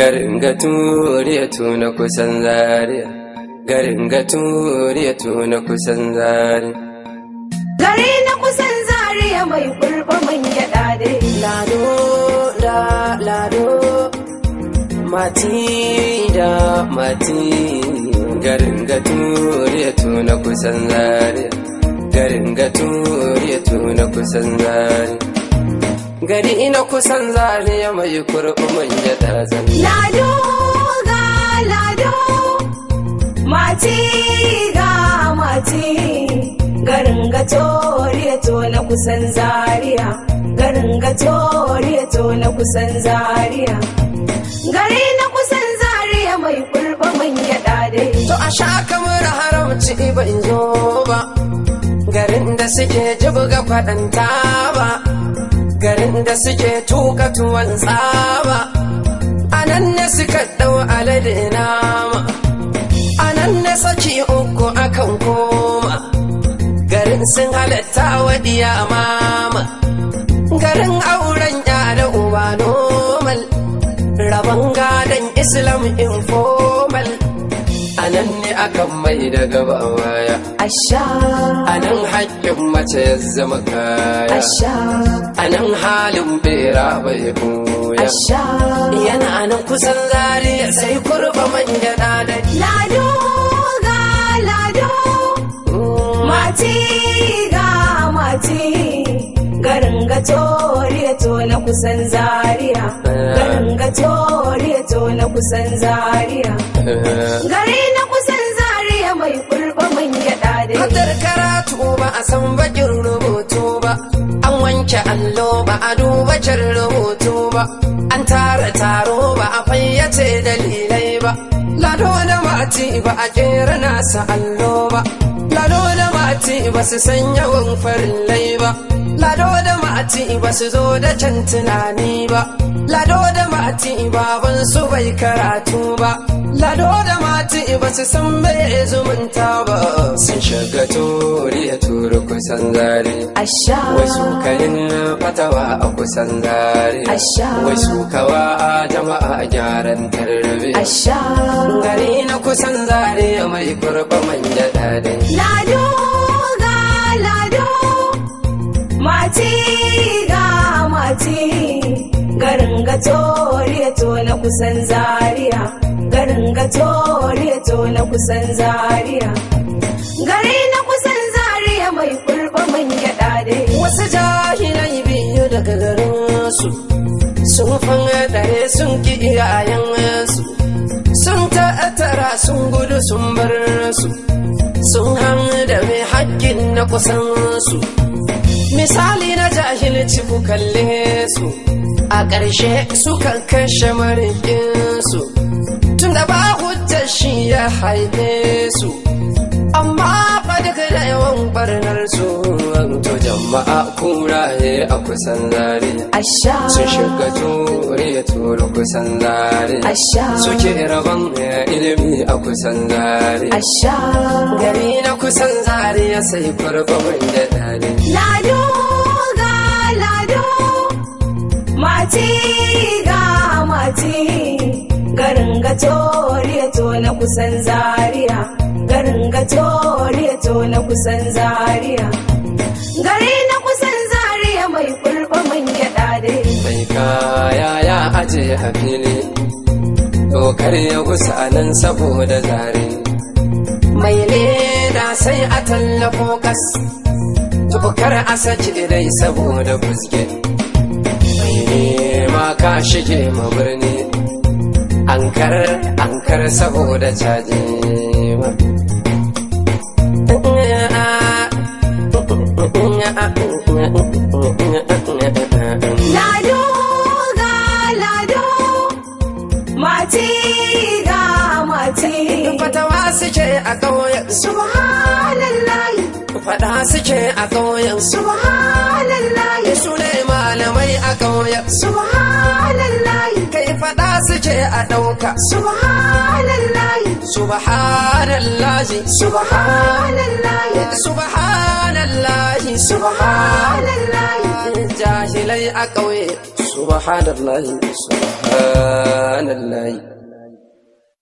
garin ga turiya tuna kusan zariya garin ga turiya tuna kusan zariya gari na kusan zariya mai kurba man gyada da lado da lado mati da mati garin ga turiya tuna kusan zariya garin ga turiya tuna kusan zariya gari ina kusan zariya mai kurɓumin ya darazan lado ga lado mati ga mati garin ga toriya na kusan zariya garin ga toriya na kusan zariya gari na kusan zariya mai kurɓumin ya dade to a sha kamar haramci ban zo ba garin da suke jibga faɗanta ba garin da suke tuka tuwon tsaba a nan ne suka ɗau alade nama a nan ne saki uku akan koma garin sun halatta wa diya mama garin auren ya da uba normal rabon gadon islam info nan ne akan mai da gaba waya asha anan haƙƙin mace ya zama kaya asha anan halin bera bai boya asha yana anan kusan zare sai kurba manja da lado ga lado mm. mati ga mati garin gato kusan zaria garin ya to na kusan zariya. gari na kusan zariya mai kurba mun gyada da matar karatu ba a san bakin rubutu ba an wanke allo ba a duba can rubutu ba an tara taro ba a fayyace dalilai ba lado na mati ba a kera nasa allo ba lado na ma'aci ba su san yawan farin ba lado da ma'aci ba su zo da can tunani ba lado da ma'aci baban su bai karatu ba lado da ma'aci ba su san bai zumunta ba sun shiga tori ya turu kusan zare wasu kayin fatawa a kusan zare wasu kawa a jama'a a gyaran tarrabe gari na kusan zare mai kurba manja dade Mati ga mati garin ga to na kusan zaria garin ga na kusan zaria gari na kusan zaria mai kurba man gyada dai wasu jahilai biyu daga garin su sun fangadaye sun ki iyayen su sun ta'atara sun gudu sun bar su sun hannu hakkin na kusan su misali na jahilci ku kalle su a ƙarshe su kan kashe marikin su tun da ba hujjar shi ya haife su zamanto jama'a kuraye a kusan zare sun shiga ture turu kusan zare suke rabon ilimi a kusan zare gari na kusan zare ya sai farfamin da dare lado ga lado mati ga mati garin ga ture to na kusan zariya garin ga ture to na kusan zariya gare na kusan zariya mai kurba man gyaɗa dai mai kaya ya aje a fili dokar ya gusa nan saboda zare mai leda sai a tallafo kas Tokar a sace dai saboda fuske mai nema ka shige ma birni ankar ankar saboda caje Lado ga lado, mati suke a ƙauyen. Subhanallah. Faɗa a Su malamai a ƙauyen. Kai faɗa a ɗauka. Subhanallah. subhanallahi subhanallahi subhanallahi subhanallahi jahilai a ƙauye subhanallahi subhanallahi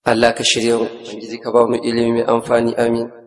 Allah ka shirya mu, Ubangiji ka ba mu ilimi mai amfani amin.